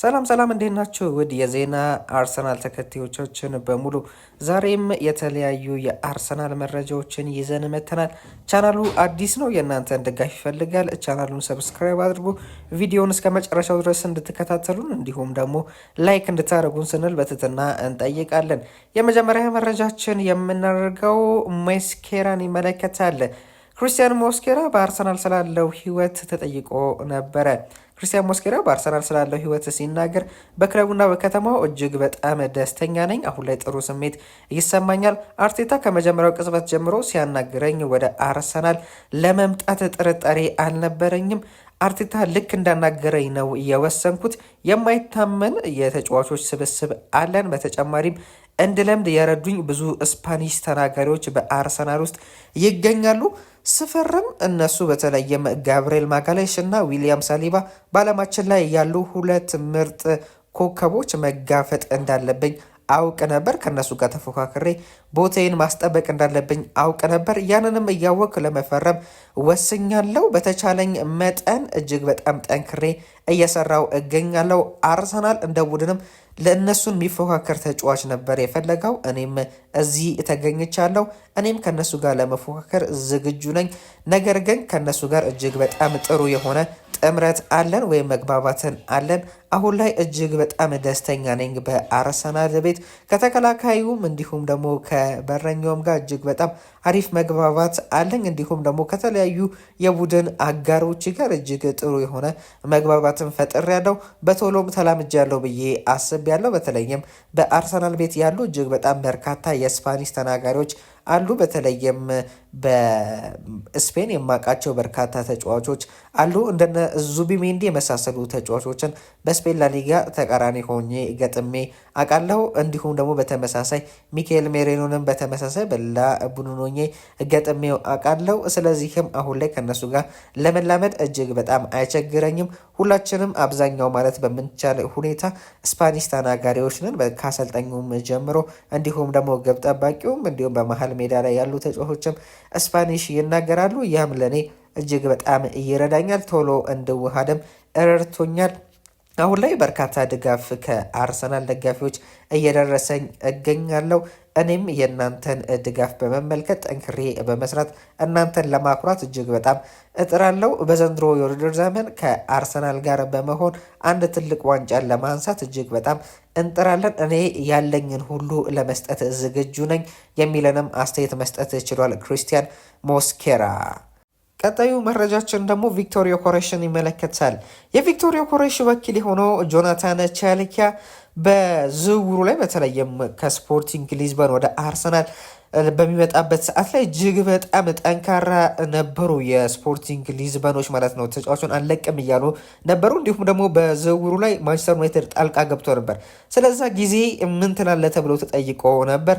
ሰላም ሰላም እንዴት ናችሁ? ውድ የዜና አርሰናል ተከታዮቻችን በሙሉ ዛሬም የተለያዩ የአርሰናል መረጃዎችን ይዘን መተናል። ቻናሉ አዲስ ነው፣ የእናንተን ድጋፍ ይፈልጋል። ቻናሉን ሰብስክራይብ አድርጉ፣ ቪዲዮን እስከ መጨረሻው ድረስ እንድትከታተሉን እንዲሁም ደግሞ ላይክ እንድታደርጉን ስንል በትህትና እንጠይቃለን። የመጀመሪያ መረጃችን የምናደርገው ሞስኬራን ይመለከታል። ክሪስቲያን ሞስኬራ በአርሰናል ስላለው ህይወት ተጠይቆ ነበረ። ክርስቲያን ሞስኬራ በአርሰናል ስላለው ህይወት ሲናገር በክለቡና በከተማው እጅግ በጣም ደስተኛ ነኝ። አሁን ላይ ጥሩ ስሜት ይሰማኛል። አርቴታ ከመጀመሪያው ቅጽበት ጀምሮ ሲያናግረኝ ወደ አርሰናል ለመምጣት ጥርጣሬ አልነበረኝም። አርቴታ ልክ እንዳናገረኝ ነው የወሰንኩት። የማይታመን የተጫዋቾች ስብስብ አለን። በተጨማሪም እንድለምድ የረዱኝ ብዙ ስፓኒሽ ተናጋሪዎች በአርሰናል ውስጥ ይገኛሉ። ስፈርም እነሱ በተለይም ጋብርኤል ማጋሌሽ እና ዊሊያም ሳሊባ በዓለማችን ላይ ያሉ ሁለት ምርጥ ኮከቦች መጋፈጥ እንዳለብኝ አውቅ ነበር። ከእነሱ ጋር ተፎካክሬ ቦታዬን ማስጠበቅ እንዳለብኝ አውቅ ነበር። ያንንም እያወቅ ለመፈረም ወስኛለው። በተቻለኝ መጠን እጅግ በጣም ጠንክሬ እየሰራው እገኛለው። አርሰናል እንደ ቡድንም ለእነሱን የሚፎካከር ተጫዋች ነበር የፈለገው። እኔም እዚህ ተገኝቻለሁ። እኔም ከነሱ ጋር ለመፎካከር ዝግጁ ነኝ። ነገር ግን ከነሱ ጋር እጅግ በጣም ጥሩ የሆነ ጥምረት አለን ወይም መግባባትን አለን። አሁን ላይ እጅግ በጣም ደስተኛ ነኝ በአርሰናል ቤት ከተከላካዩም እንዲሁም ደግሞ ከበረኛውም ጋር እጅግ በጣም አሪፍ መግባባት አለኝ። እንዲሁም ደግሞ ከተለያዩ የቡድን አጋሮች ጋር እጅግ ጥሩ የሆነ መግባባትን ፈጥሬያለሁ። በቶሎም ተላምጃለሁ ብዬ አስብ ያለው። በተለይም በአርሰናል ቤት ያሉ እጅግ በጣም በርካታ የስፓኒሽ ተናጋሪዎች አሉ። በተለይም በስፔን የማውቃቸው በርካታ ተጫዋቾች አሉ። እንደነ ዙቢሜንዲ የመሳሰሉ ተጫዋቾችን በስፔን ላሊጋ ተቃራኒ ሆኜ ገጥሜ አውቃለሁ። እንዲሁም ደግሞ በተመሳሳይ ሚካኤል ሜሬኖንም በተመሳሳይ በላ ቡድን ሆኜ ገጥሜ አውቃለሁ። ስለዚህም አሁን ላይ ከነሱ ጋር ለመላመድ እጅግ በጣም አይቸግረኝም። ሁላችንም አብዛኛው ማለት በምንቻል ሁኔታ ስፓኒሽ ተናጋሪዎች ነን። ከአሰልጣኙም ጀምሮ እንዲሁም ደግሞ ግብ ጠባቂውም እንዲሁም በመሀል ሜዳ ላይ ያሉ ተጫዋቾችም ስፓኒሽ ይናገራሉ። ያም ለእኔ እጅግ በጣም ይረዳኛል። ቶሎ እንድዋሃድም ረድቶኛል። አሁን ላይ በርካታ ድጋፍ ከአርሰናል ደጋፊዎች እየደረሰኝ እገኛለሁ። እኔም የእናንተን ድጋፍ በመመልከት ጠንክሬ በመስራት እናንተን ለማኩራት እጅግ በጣም እጥራለሁ። በዘንድሮ የውድድር ዘመን ከአርሰናል ጋር በመሆን አንድ ትልቅ ዋንጫን ለማንሳት እጅግ በጣም እንጥራለን። እኔ ያለኝን ሁሉ ለመስጠት ዝግጁ ነኝ የሚለንም አስተያየት መስጠት ችሏል ክሪስቲያን ሞስኬራ። ቀጣዩ መረጃችን ደግሞ ቪክቶሪዮ ኮሬሽን ይመለከታል። የቪክቶሪዮ ኮሬሽ ወኪል የሆነው ጆናታን ቻልኪያ በዝውውሩ ላይ በተለይም ከስፖርቲንግ ሊዝበን ወደ አርሰናል በሚመጣበት ሰዓት ላይ እጅግ በጣም ጠንካራ ነበሩ። የስፖርቲንግ ሊዝበኖች ማለት ነው። ተጫዋቹን አንለቅም እያሉ ነበሩ። እንዲሁም ደግሞ በዝውውሩ ላይ ማንቸስተር ዩናይትድ ጣልቃ ገብቶ ነበር። ስለዛ ጊዜ ምን ትላለህ ተብሎ ተጠይቆ ነበር።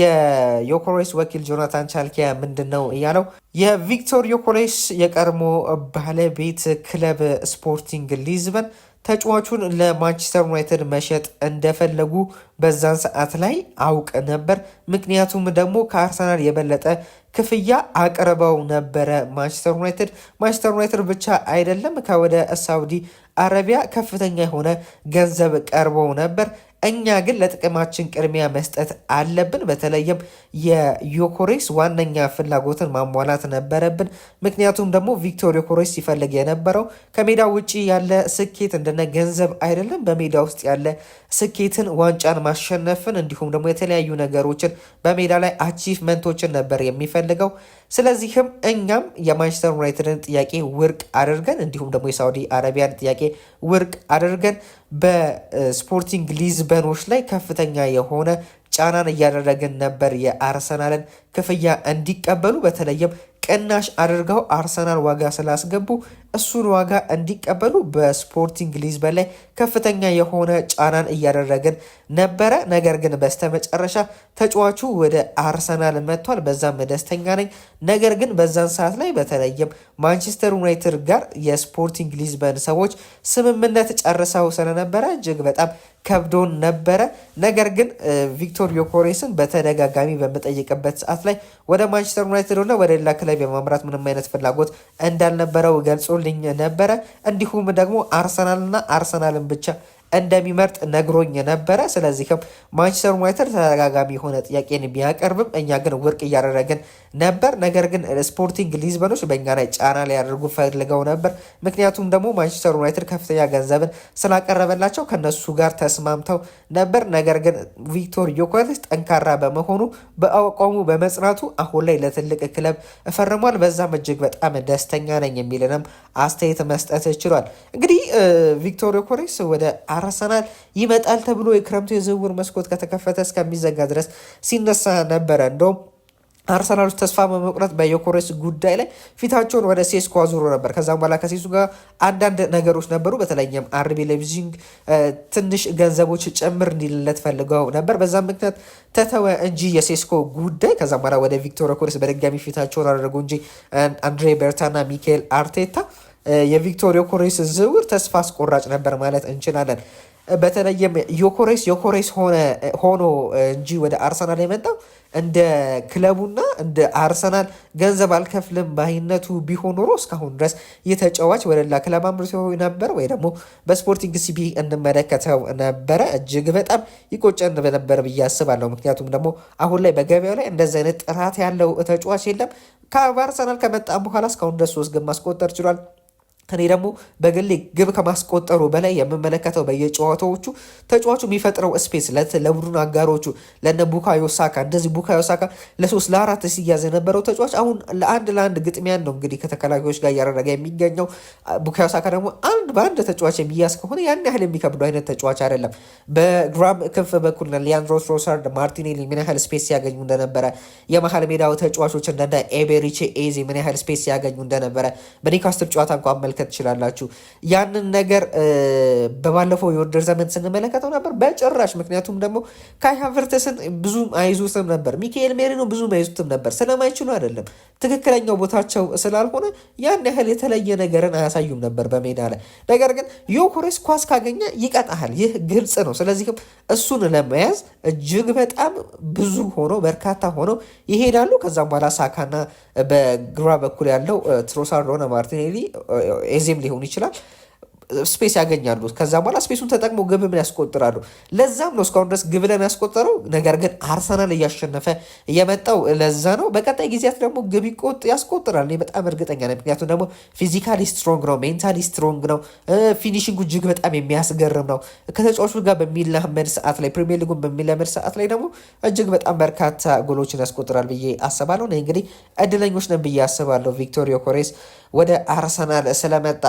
የዮኮሬስ ወኪል ጆናታን ቻልኪያ ምንድን ነው እያለው የቪክቶር ዮኮሬስ የቀድሞ ባለቤት ክለብ ስፖርቲንግ ሊዝበን ተጫዋቹን ለማንቸስተር ዩናይትድ መሸጥ እንደፈለጉ በዛን ሰዓት ላይ አውቅ ነበር። ምክንያቱም ደግሞ ከአርሰናል የበለጠ ክፍያ አቅርበው ነበረ ማንቸስተር ዩናይትድ። ማንቸስተር ዩናይትድ ብቻ አይደለም ከወደ ሳውዲ አረቢያ ከፍተኛ የሆነ ገንዘብ ቀርበው ነበር። እኛ ግን ለጥቅማችን ቅድሚያ መስጠት አለብን። በተለይም የዮኮሬስ ዋነኛ ፍላጎትን ማሟላት ነበረብን። ምክንያቱም ደግሞ ቪክቶር ዮኮሬስ ሲፈልግ የነበረው ከሜዳ ውጭ ያለ ስኬት እንደነ ገንዘብ አይደለም። በሜዳ ውስጥ ያለ ስኬትን፣ ዋንጫን ማሸነፍን እንዲሁም ደግሞ የተለያዩ ነገሮችን በሜዳ ላይ አቺቭመንቶችን ነበር የሚፈልገው። ስለዚህም እኛም የማንቸስተር ዩናይትድን ጥያቄ ውድቅ አድርገን እንዲሁም ደግሞ የሳውዲ አረቢያን ጥያቄ ውድቅ አድርገን በስፖርቲንግ ሊዝበኖች ላይ ከፍተኛ የሆነ ጫናን እያደረግን ነበር። የአርሰናልን ክፍያ እንዲቀበሉ በተለይም ቅናሽ አድርገው አርሰናል ዋጋ ስላስገቡ እሱን ዋጋ እንዲቀበሉ በስፖርቲንግ ሊዝበን ላይ ከፍተኛ የሆነ ጫናን እያደረግን ነበረ። ነገር ግን በስተመጨረሻ ተጫዋቹ ወደ አርሰናል መጥቷል። በዛም ደስተኛ ነኝ። ነገር ግን በዛን ሰዓት ላይ በተለይም ማንቸስተር ዩናይትድ ጋር የስፖርቲንግ ሊዝበን ሰዎች ስምምነት ጨርሰው ስለነበረ እጅግ በጣም ከብዶን ነበረ። ነገር ግን ቪክቶር ዮኮሬስን በተደጋጋሚ በምጠይቅበት ሰዓት ላይ ወደ ማንቸስተር ዩናይትድ ሆነ ወደ ሌላ ክለብ የማምራት ምንም አይነት ፍላጎት እንዳልነበረው ገልጾ ገብተውልኝ ነበረ። እንዲሁም ደግሞ አርሰናልና አርሰናልን ብቻ እንደሚመርጥ ነግሮኝ ነበረ። ስለዚህም ማንቸስተር ዩናይትድ ተደጋጋሚ የሆነ ጥያቄን ቢያቀርብም እኛ ግን ውድቅ እያደረግን ነበር። ነገር ግን ስፖርቲንግ ሊዝበኖች በእኛ ላይ ጫና ሊያደርጉ ፈልገው ነበር። ምክንያቱም ደግሞ ማንቸስተር ዩናይትድ ከፍተኛ ገንዘብን ስላቀረበላቸው ከነሱ ጋር ተስማምተው ነበር። ነገር ግን ቪክቶር ዮኬሬስ ጠንካራ በመሆኑ በአቋሙ በመጽናቱ አሁን ላይ ለትልቅ ክለብ እፈርሟል በዛም እጅግ በጣም ደስተኛ ነኝ የሚልንም አስተያየት መስጠት ችሏል። እንግዲህ ቪክቶር ዮኮሬስ ወደ አርሰናል ይመጣል ተብሎ የክረምቱ የዝውውር መስኮት ከተከፈተ እስከሚዘጋ ድረስ ሲነሳ ነበረ። እንደውም አርሰናሎች ተስፋ በመቁረጥ በዮኮሬስ ጉዳይ ላይ ፊታቸውን ወደ ሴስኮ አዙሮ ነበር። ከዛም በኋላ ከሴሱ ጋር አንዳንድ ነገሮች ነበሩ። በተለይም አርቢ ሌቪዚንግ ትንሽ ገንዘቦች ጨምር እንዲልለት ፈልገው ነበር። በዛም ምክንያት ተተወ እንጂ የሴስኮ ጉዳይ። ከዛም በኋላ ወደ ቪክቶር ዮኮሬስ በድጋሚ ፊታቸውን አደረጉ እንጂ አንድሬ በርታና ሚካኤል አርቴታ የቪክቶር ዮኮሬስን ዝውውር ተስፋ አስቆራጭ ነበር ማለት እንችላለን። በተለይም ዮኮሬስ ዮኮሬስ ሆኖ እንጂ ወደ አርሰናል የመጣው እንደ ክለቡና እንደ አርሰናል ገንዘብ አልከፍልም ባይነቱ ቢሆን ኖሮ እስካሁን ድረስ የተጫዋች ተጫዋች ወደ ሌላ ክለብ አምርቶ ነበር ወይ ደግሞ በስፖርቲንግ ሲቢ እንመለከተው ነበረ። እጅግ በጣም ይቆጨን ነበር ብዬ አስባለሁ። ምክንያቱም ደግሞ አሁን ላይ በገበያው ላይ እንደዚህ አይነት ጥራት ያለው ተጫዋች የለም። ከአርሰናል ከመጣም በኋላ እስካሁን ድረስ ሶስት ግብ ማስቆጠር ችሏል። እኔ ደግሞ በግሌ ግብ ከማስቆጠሩ በላይ የምመለከተው በየጨዋታዎቹ ተጫዋቹ የሚፈጥረው ስፔስ ለቡድን አጋሮቹ ለነ ቡካዮ ሳካ እንደዚህ ቡካዮ ሳካ ለሶስት ለአራት ሲያዝ የነበረው ተጫዋች አሁን ለአንድ ለአንድ ግጥሚያን ነው እንግዲህ ከተከላካዮች ጋር እያደረገ የሚገኘው። ቡካዮ ሳካ ደግሞ አንድ በአንድ ተጫዋች የሚያዝ ከሆነ ያን ያህል የሚከብዱ አይነት ተጫዋች አይደለም። በግራም ክንፍ በኩል ሊያንድሮ ትሮሳርድ፣ ማርቲኔሊ ምን ያህል ስፔስ ሲያገኙ እንደነበረ የመሀል ሜዳው ተጫዋቾች እንደ ኤቤሪቼ ኤዚ ምን ያህል ስፔስ ሲያገኙ እንደነበረ በኒካስትር ጨዋታ እንኳ መመልከት ትችላላችሁ። ያንን ነገር በባለፈው የውድድር ዘመን ስንመለከተው ነበር በጭራሽ። ምክንያቱም ደግሞ ካይ ሃቨርትስን ብዙም አይዙትም ነበር፣ ሚካኤል ሜሪኖ ብዙም አይዙትም ነበር። ስለማይችሉ አይደለም፣ ትክክለኛው ቦታቸው ስላልሆነ ያን ያህል የተለየ ነገርን አያሳዩም ነበር በሜዳ ላይ። ነገር ግን ዮኮሬስ ኳስ ካገኘ ይቀጣሃል፣ ይህ ግልጽ ነው። ስለዚህም እሱን ለመያዝ እጅግ በጣም ብዙ ሆኖ በርካታ ሆነው ይሄዳሉ። ከዛም በኋላ ሳካና በግራ በኩል ያለው ትሮሳር ሆነ ማርቲኔሊ ኤዜም ሊሆን ይችላል ስፔስ ያገኛሉ። ከዛ በኋላ ስፔሱን ተጠቅመው ግብ ምን ያስቆጥራሉ። ለዛም ነው እስካሁን ድረስ ግብ ለም ያስቆጠረው። ነገር ግን አርሰናል እያሸነፈ የመጣው ለዛ ነው። በቀጣይ ጊዜያት ደግሞ ግብ ይቆጥ ያስቆጥራል በጣም እርግጠኛ ነኝ። ምክንያቱም ደግሞ ፊዚካሊ ስትሮንግ ነው፣ ሜንታሊ ስትሮንግ ነው። ፊኒሽንጉ እጅግ በጣም የሚያስገርም ነው። ከተጫዋቹ ጋር በሚላመድ ሰዓት ላይ ፕሪሚየር ሊጉን በሚላመድ ሰዓት ላይ ደግሞ እጅግ በጣም በርካታ ጎሎችን ያስቆጥራል ብዬ አስባለሁ። እንግዲህ እድለኞች ነን ብዬ አስባለሁ ቪክቶሪዮ ኮሬስ ወደ አርሰናል ስለመጣ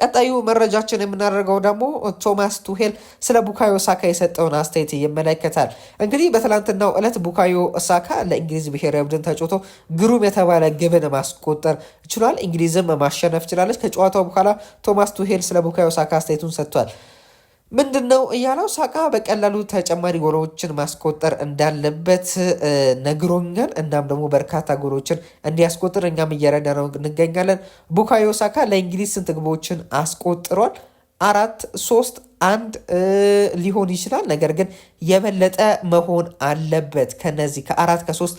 ቀጣዩ መረጃችን የምናደርገው ደግሞ ቶማስ ቱሄል ስለ ቡካዮ ሳካ የሰጠውን አስተያየት ይመለከታል። እንግዲህ በትላንትናው ዕለት ቡካዮ ሳካ ለእንግሊዝ ብሔራዊ ቡድን ተጫውቶ ግሩም የተባለ ግብን ማስቆጠር ችሏል። እንግሊዝም ማሸነፍ ችላለች። ከጨዋታው በኋላ ቶማስ ቱሄል ስለ ቡካዮ ሳካ አስተያየቱን ሰጥቷል። ምንድን ነው እያለው ሳካ በቀላሉ ተጨማሪ ጎሎችን ማስቆጠር እንዳለበት ነግሮኛል። እናም ደግሞ በርካታ ጎሎችን እንዲያስቆጥር እኛም እየረዳ ነው እንገኛለን። ቡካዮ ሳካ ለእንግሊዝ ስንት ግቦችን አስቆጥሯል? አራት ሶስት አንድ ሊሆን ይችላል። ነገር ግን የበለጠ መሆን አለበት። ከነዚህ ከአራት ከሶስት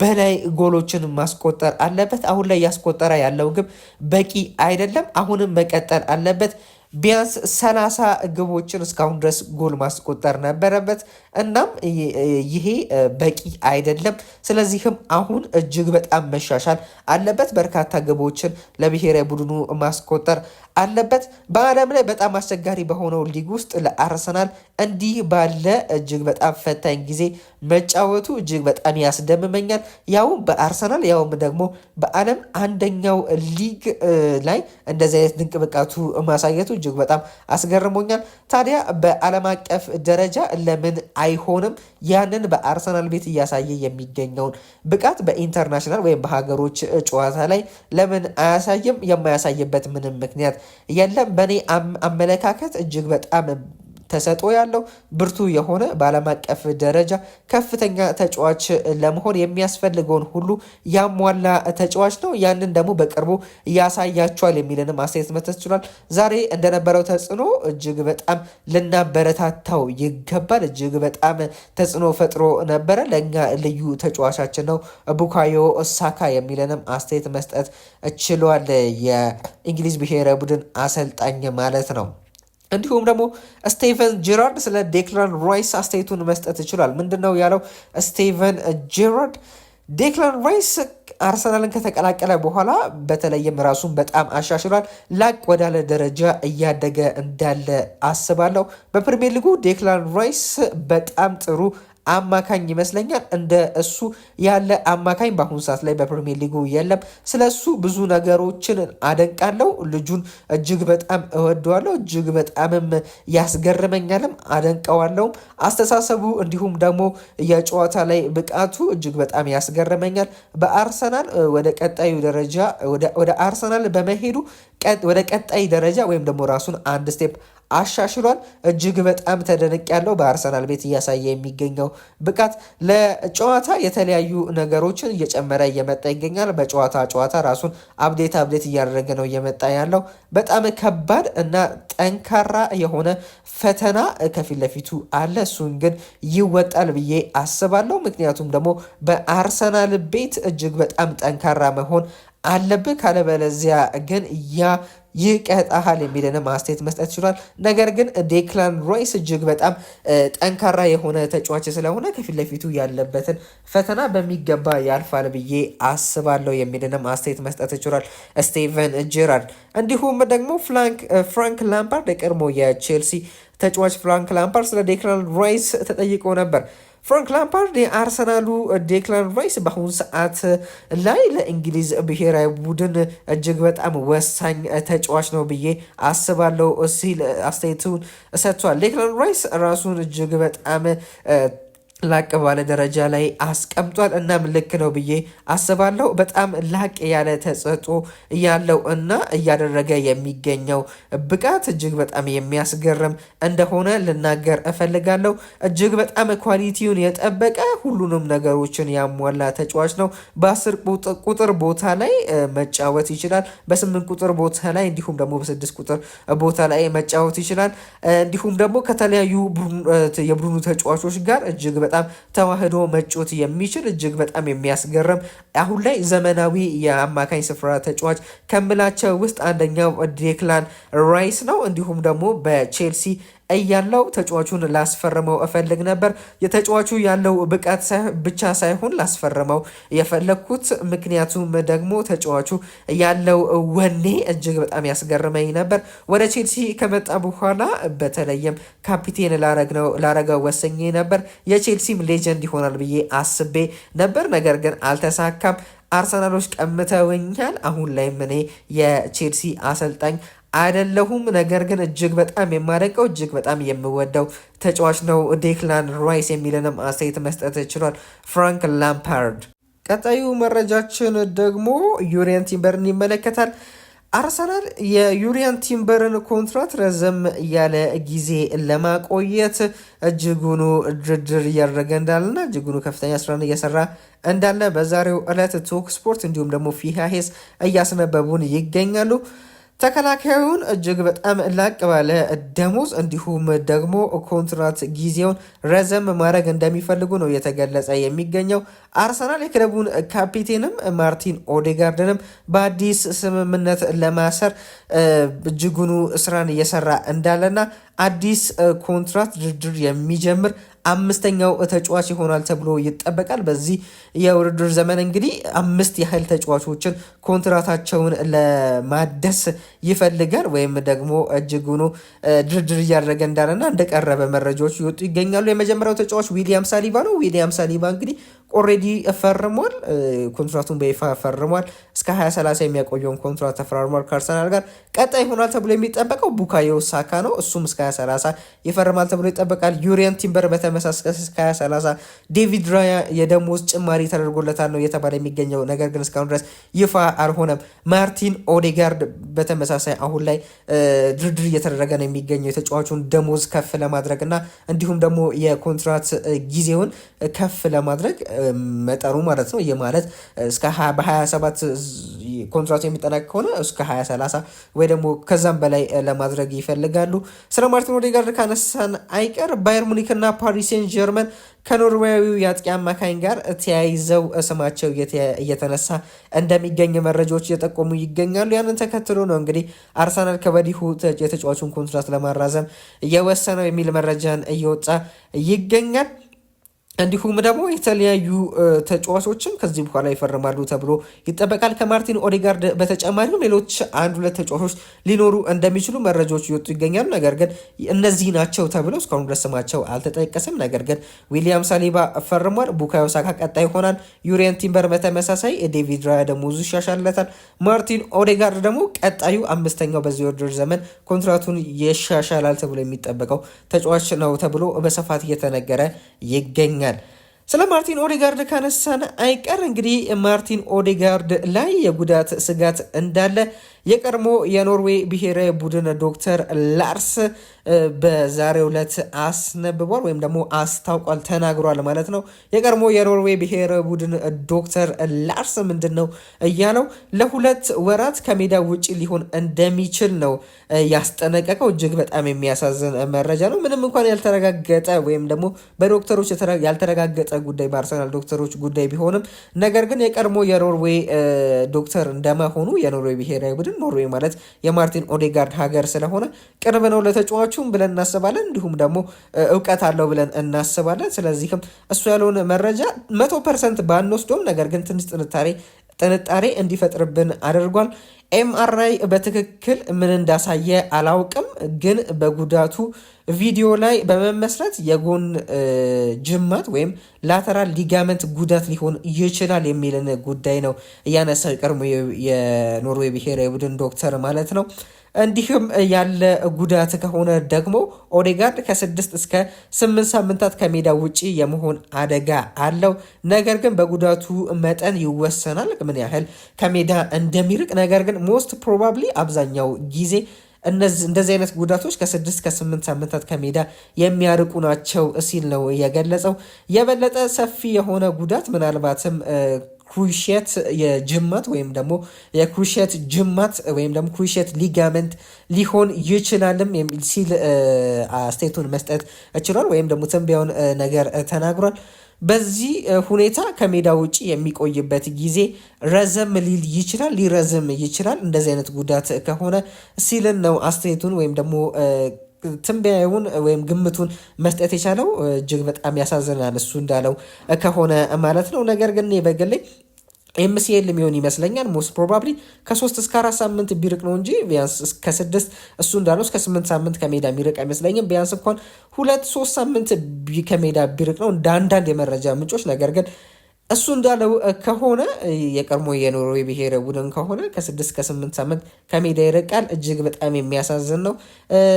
በላይ ጎሎችን ማስቆጠር አለበት። አሁን ላይ እያስቆጠረ ያለው ግብ በቂ አይደለም። አሁንም መቀጠል አለበት። ቢያንስ ሰላሳ ግቦችን እስካሁን ድረስ ጎል ማስቆጠር ነበረበት። እናም ይሄ በቂ አይደለም። ስለዚህም አሁን እጅግ በጣም መሻሻል አለበት። በርካታ ግቦችን ለብሔራዊ ቡድኑ ማስቆጠር አለበት። በዓለም ላይ በጣም አስቸጋሪ በሆነው ሊግ ውስጥ ለአርሰናል እንዲህ ባለ እጅግ በጣም ፈታኝ ጊዜ መጫወቱ እጅግ በጣም ያስደምመኛል። ያውም በአርሰናል ያውም ደግሞ በዓለም አንደኛው ሊግ ላይ እንደዚህ አይነት ድንቅ ብቃቱ ማሳየቱ እጅግ በጣም አስገርሞኛል። ታዲያ በዓለም አቀፍ ደረጃ ለምን አይሆንም? ያንን በአርሰናል ቤት እያሳየ የሚገኘውን ብቃት በኢንተርናሽናል ወይም በሀገሮች ጨዋታ ላይ ለምን አያሳይም? የማያሳይበት ምንም ምክንያት የለም። በእኔ አመለካከት እጅግ በጣም ተሰጥኦ ያለው ብርቱ የሆነ በዓለም አቀፍ ደረጃ ከፍተኛ ተጫዋች ለመሆን የሚያስፈልገውን ሁሉ ያሟላ ተጫዋች ነው። ያንን ደግሞ በቅርቡ ያሳያቸዋል የሚልንም አስተያየት መተት ችሏል። ዛሬ እንደነበረው ተጽዕኖ እጅግ በጣም ልናበረታታው ይገባል። እጅግ በጣም ተጽዕኖ ፈጥሮ ነበረ። ለእኛ ልዩ ተጫዋቻችን ነው ቡካዮ ሳካ የሚልንም አስተያየት መስጠት ችሏል። የእንግሊዝ ብሔራዊ ቡድን አሰልጣኝ ማለት ነው። እንዲሁም ደግሞ ስቴቨን ጄራርድ ስለ ዴክላን ራይስ አስተያየቱን መስጠት ይችላል። ምንድነው ያለው ስቴቨን ጄራርድ? ዴክላን ራይስ አርሰናልን ከተቀላቀለ በኋላ በተለይም ራሱን በጣም አሻሽሏል። ላቅ ወዳለ ደረጃ እያደገ እንዳለ አስባለሁ። በፕሪሚየር ሊጉ ዴክላን ራይስ በጣም ጥሩ አማካኝ ይመስለኛል። እንደ እሱ ያለ አማካኝ በአሁኑ ሰዓት ላይ በፕሪሚየር ሊጉ የለም። ስለ እሱ ብዙ ነገሮችን አደንቃለሁ። ልጁን እጅግ በጣም እወደዋለሁ። እጅግ በጣምም ያስገርመኛልም፣ አደንቀዋለሁም። አስተሳሰቡ እንዲሁም ደግሞ የጨዋታ ላይ ብቃቱ እጅግ በጣም ያስገርመኛል። በአርሰናል ወደ ቀጣዩ ደረጃ ወደ አርሰናል በመሄዱ ወደ ቀጣይ ደረጃ ወይም ደግሞ ራሱን አንድ ስቴፕ አሻሽሏል። እጅግ በጣም ተደነቅ ያለው በአርሰናል ቤት እያሳየ የሚገኘው ብቃት ለጨዋታ የተለያዩ ነገሮችን እየጨመረ እየመጣ ይገኛል። በጨዋታ ጨዋታ ራሱን አብዴት አብዴት እያደረገ ነው እየመጣ ያለው። በጣም ከባድ እና ጠንካራ የሆነ ፈተና ከፊት ለፊቱ አለ። እሱን ግን ይወጣል ብዬ አስባለሁ። ምክንያቱም ደግሞ በአርሰናል ቤት እጅግ በጣም ጠንካራ መሆን አለብህ ካለበለዚያ ግን ያ ይህ ቀጣሃል የሚልንም አስተያየት መስጠት ችሏል። ነገር ግን ዴክላን ሮይስ እጅግ በጣም ጠንካራ የሆነ ተጫዋች ስለሆነ ከፊት ለፊቱ ያለበትን ፈተና በሚገባ ያልፋል ብዬ አስባለሁ የሚልንም አስተያየት መስጠት ችሏል። ስቴቨን ጄራርድ እንዲሁም ደግሞ ፍራንክ ላምፓርድ የቀድሞ የቼልሲ ተጫዋች ፍራንክ ላምፓርድ ስለ ዴክላን ሮይስ ተጠይቆ ነበር። ፍራንክ ላምፓርድ የአርሰናሉ ዴክላን ራይስ በአሁኑ ሰዓት eh, ላይ ለእንግሊዝ ብሔራዊ ቡድን እጅግ በጣም ወሳኝ eh, ተጫዋች ነው ብዬ አስባለሁ ሲል eh, አስተያየቱን ሰጥቷል። ዴክላን ራይስ ራሱን እጅግ በጣም ላቅ ባለ ደረጃ ላይ አስቀምጧል። እናም ልክ ነው ብዬ አስባለሁ። በጣም ላቅ ያለ ተሰጥኦ ያለው እና እያደረገ የሚገኘው ብቃት እጅግ በጣም የሚያስገርም እንደሆነ ልናገር እፈልጋለሁ። እጅግ በጣም ኳሊቲውን የጠበቀ ሁሉንም ነገሮችን ያሟላ ተጫዋች ነው። በአስር ቁጥር ቦታ ላይ መጫወት ይችላል። በስምንት ቁጥር ቦታ ላይ እንዲሁም ደግሞ በስድስት ቁጥር ቦታ ላይ መጫወት ይችላል። እንዲሁም ደግሞ ከተለያዩ የቡድኑ ተጫዋቾች ጋር እጅግ በጣም ተዋህዶ መጮት የሚችል እጅግ በጣም የሚያስገርም አሁን ላይ ዘመናዊ የአማካኝ ስፍራ ተጫዋች ከምላቸው ውስጥ አንደኛው ዴክላን ራይስ ነው። እንዲሁም ደግሞ በቼልሲ እያለው ተጫዋቹን ላስፈርመው እፈልግ ነበር። የተጫዋቹ ያለው ብቃት ብቻ ሳይሆን ላስፈርመው የፈለግኩት ምክንያቱም ደግሞ ተጫዋቹ ያለው ወኔ እጅግ በጣም ያስገርመኝ ነበር። ወደ ቼልሲ ከመጣ በኋላ በተለይም ካፒቴን ላረገው ወሰኜ ነበር። የቼልሲም ሌጀንድ ይሆናል ብዬ አስቤ ነበር፣ ነገር ግን አልተሳካም። አርሰናሎች ቀምተውኛል። አሁን ላይም እኔ የቼልሲ አሰልጣኝ አይደለሁም። ነገር ግን እጅግ በጣም የማደንቀው እጅግ በጣም የምወደው ተጫዋች ነው ዴክላን ራይስ የሚለንም አስተያየት መስጠት ችሏል ፍራንክ ላምፓርድ። ቀጣዩ መረጃችን ደግሞ ዩሪያን ቲምበርን ይመለከታል። አርሰናል የዩሪያን ቲምበርን ኮንትራት ረዘም ያለ ጊዜ ለማቆየት እጅጉኑ ድርድር እያደረገ እንዳለና እጅጉኑ ከፍተኛ ስራን እየሰራ እንዳለ በዛሬው ዕለት ቶክ ስፖርት እንዲሁም ደግሞ ፊሃሄስ እያስነበቡን ይገኛሉ። ተከላካዩን እጅግ በጣም ላቅ ባለ ደሞዝ እንዲሁም ደግሞ ኮንትራት ጊዜውን ረዘም ማድረግ እንደሚፈልጉ ነው እየተገለጸ የሚገኘው። አርሰናል የክለቡን ካፒቴንም ማርቲን ኦዴጋርድንም በአዲስ ስምምነት ለማሰር እጅጉኑ ስራን እየሰራ እንዳለና አዲስ ኮንትራት ድርድር የሚጀምር አምስተኛው ተጫዋች ይሆናል ተብሎ ይጠበቃል። በዚህ የውድድር ዘመን እንግዲህ አምስት ያህል ተጫዋቾችን ኮንትራታቸውን ለማደስ ይፈልጋል ወይም ደግሞ እጅጉኑ ድርድር እያደረገ እንዳለና እንደቀረበ መረጃዎች ይወጡ ይገኛሉ። የመጀመሪያው ተጫዋች ዊሊያም ሳሊባ ነው። ዊሊያም ሳሊባ እንግዲህ ኦሬዲ ፈርሟል። ኮንትራቱን በይፋ ፈርሟል። እስከ 2030 የሚያቆየውን ኮንትራት ተፈራርሟል ከአርሰናል ጋር። ቀጣይ ይሆናል ተብሎ የሚጠበቀው ቡካዮ ሳካ ነው። እሱም እስከ 2030 ይፈርማል ተብሎ ይጠበቃል። ዩሪያን ቲምበር በተመሳሳይ እስከ 2030፣ ዴቪድ ራያ የደሞዝ ጭማሪ ተደርጎለታል ነው እየተባለ የሚገኘው ነገር ግን እስካሁን ድረስ ይፋ አልሆነም። ማርቲን ኦዴጋርድ በተመሳሳይ አሁን ላይ ድርድር እየተደረገ ነው የሚገኘው የተጫዋቹን ደሞዝ ከፍ ለማድረግ እና እንዲሁም ደግሞ የኮንትራት ጊዜውን ከፍ ለማድረግ መጠኑ ማለት ነው። ይህ ማለት እስከ በ27 ኮንትራቱ የሚጠናቅ ከሆነ እስከ 20 30 ወይ ደግሞ ከዛም በላይ ለማድረግ ይፈልጋሉ። ስለ ማርቲን ኦዴጋርድ ካነሳን አይቀር ባየር ሙኒክ እና ፓሪስ ሴን ጀርመን ከኖርዌያዊው የአጥቂ አማካኝ ጋር ተያይዘው ስማቸው እየተነሳ እንደሚገኝ መረጃዎች እየጠቆሙ ይገኛሉ። ያንን ተከትሎ ነው እንግዲህ አርሰናል ከበዲሁ የተጫዋቹን ኮንትራት ለማራዘም እየወሰነው የሚል መረጃን እየወጣ ይገኛል። እንዲሁም ደግሞ የተለያዩ ተጫዋቾችም ከዚህ በኋላ ይፈርማሉ ተብሎ ይጠበቃል። ከማርቲን ኦዴጋርድ በተጨማሪ ሌሎች አንድ ሁለት ተጫዋቾች ሊኖሩ እንደሚችሉ መረጃዎች እየወጡ ይገኛሉ። ነገር ግን እነዚህ ናቸው ተብሎ እስካሁን ድረስ ስማቸው አልተጠቀሰም። ነገር ግን ዊሊያም ሳሊባ ፈርሟል። ቡካዮ ሳካ ቀጣይ ይሆናል። ዩሪየን ቲምበር በተመሳሳይ፣ ዴቪድ ራያ ደሞዙ ይሻሻልለታል። ማርቲን ኦዴጋርድ ደግሞ ቀጣዩ አምስተኛው በዚህ ውድድር ዘመን ኮንትራቱን ይሻሻላል ተብሎ የሚጠበቀው ተጫዋች ነው ተብሎ በስፋት እየተነገረ ይገኛል። ይገኛል። ስለ ማርቲን ኦዴጋርድ ካነሳን አይቀር እንግዲህ ማርቲን ኦዴጋርድ ላይ የጉዳት ስጋት እንዳለ የቀድሞ የኖርዌይ ብሔራዊ ቡድን ዶክተር ላርስ በዛሬው ዕለት አስነብቧል ወይም ደግሞ አስታውቋል ተናግሯል ማለት ነው። የቀድሞ የኖርዌይ ብሔራዊ ቡድን ዶክተር ላርስ ምንድን ነው እያለው ለሁለት ወራት ከሜዳ ውጪ ሊሆን እንደሚችል ነው ያስጠነቀቀው። እጅግ በጣም የሚያሳዝን መረጃ ነው። ምንም እንኳን ያልተረጋገጠ ወይም ደግሞ በዶክተሮች ያልተረጋገጠ ጉዳይ በአርሰናል ዶክተሮች ጉዳይ ቢሆንም ነገር ግን የቀድሞ የኖርዌይ ዶክተር እንደመሆኑ የኖርዌይ ብሔራዊ ቡድን ቡድን ኖርዌይ ማለት የማርቲን ኦዴጋርድ ሀገር ስለሆነ ቅርብ ነው ለተጫዋቹም ብለን እናስባለን። እንዲሁም ደግሞ እውቀት አለው ብለን እናስባለን። ስለዚህም እሱ ያለውን መረጃ መቶ ፐርሰንት ባንወስዶም ነገር ግን ትንሽ ጥንታሬ ጥንጣሬ እንዲፈጥርብን አድርጓል። ኤምአርአይ በትክክል ምን እንዳሳየ አላውቅም፣ ግን በጉዳቱ ቪዲዮ ላይ በመመስረት የጎን ጅማት ወይም ላተራል ሊጋመንት ጉዳት ሊሆን ይችላል የሚልን ጉዳይ ነው እያነሳው የቀድሞ የኖርዌይ ብሔራዊ ቡድን ዶክተር ማለት ነው። እንዲህም ያለ ጉዳት ከሆነ ደግሞ ኦዴጋርድ ከስድስት እስከ ስምንት ሳምንታት ከሜዳ ውጪ የመሆን አደጋ አለው። ነገር ግን በጉዳቱ መጠን ይወሰናል ምን ያህል ከሜዳ እንደሚርቅ። ነገር ግን ሞስት ፕሮባብሊ አብዛኛው ጊዜ እንደዚህ አይነት ጉዳቶች ከስድስት ከስምንት ሳምንታት ከሜዳ የሚያርቁ ናቸው ሲል ነው የገለጸው። የበለጠ ሰፊ የሆነ ጉዳት ምናልባትም ክሩሼት የጅማት ወይም ደግሞ የክሩሼት ጅማት ወይም ደግሞ ክሩሼት ሊጋመንት ሊሆን ይችላልም ሲል አስተያየቱን መስጠት ችሏል፣ ወይም ደግሞ ትንቢያውን ነገር ተናግሯል። በዚህ ሁኔታ ከሜዳ ውጭ የሚቆይበት ጊዜ ረዘም ሊል ይችላል፣ ሊረዝም ይችላል። እንደዚህ አይነት ጉዳት ከሆነ ሲልን ነው አስተያየቱን ወይም ደግሞ ትንበያውን ወይም ግምቱን መስጠት የቻለው እጅግ በጣም ያሳዝናል። እሱ እንዳለው ከሆነ ማለት ነው። ነገር ግን በግሌ ኤምሲኤል የሚሆን ይመስለኛል። ሞስት ፕሮባብሊ ከሶስት እስከ አራት ሳምንት ቢርቅ ነው እንጂ ቢያንስ እስከ ስድስት እሱ እንዳለው እስከ ስምንት ሳምንት ከሜዳ የሚርቅ አይመስለኝም። ቢያንስ እንኳን ሁለት ሶስት ሳምንት ከሜዳ ቢርቅ ነው እንደ አንዳንድ የመረጃ ምንጮች። ነገር ግን እሱ እንዳለው ከሆነ የቀድሞ የኖርዌይ ብሔረ ቡድን ከሆነ ከስድስት ከስምንት ሳምንት ከሜዳ ይርቃል። እጅግ በጣም የሚያሳዝን ነው።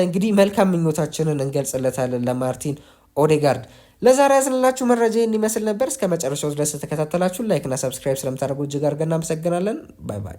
እንግዲህ መልካም ምኞታችንን እንገልጽለታለን ለማርቲን ኦዴጋርድ። ለዛሬ ያዝንላችሁ መረጃ ይህን ይመስል ነበር። እስከ መጨረሻው ድረስ ተከታተላችሁ ላይክና ሰብስክራይብ ስለምታደርጉ እጅግ አድርገን እናመሰግናለን። ባይ ባይ።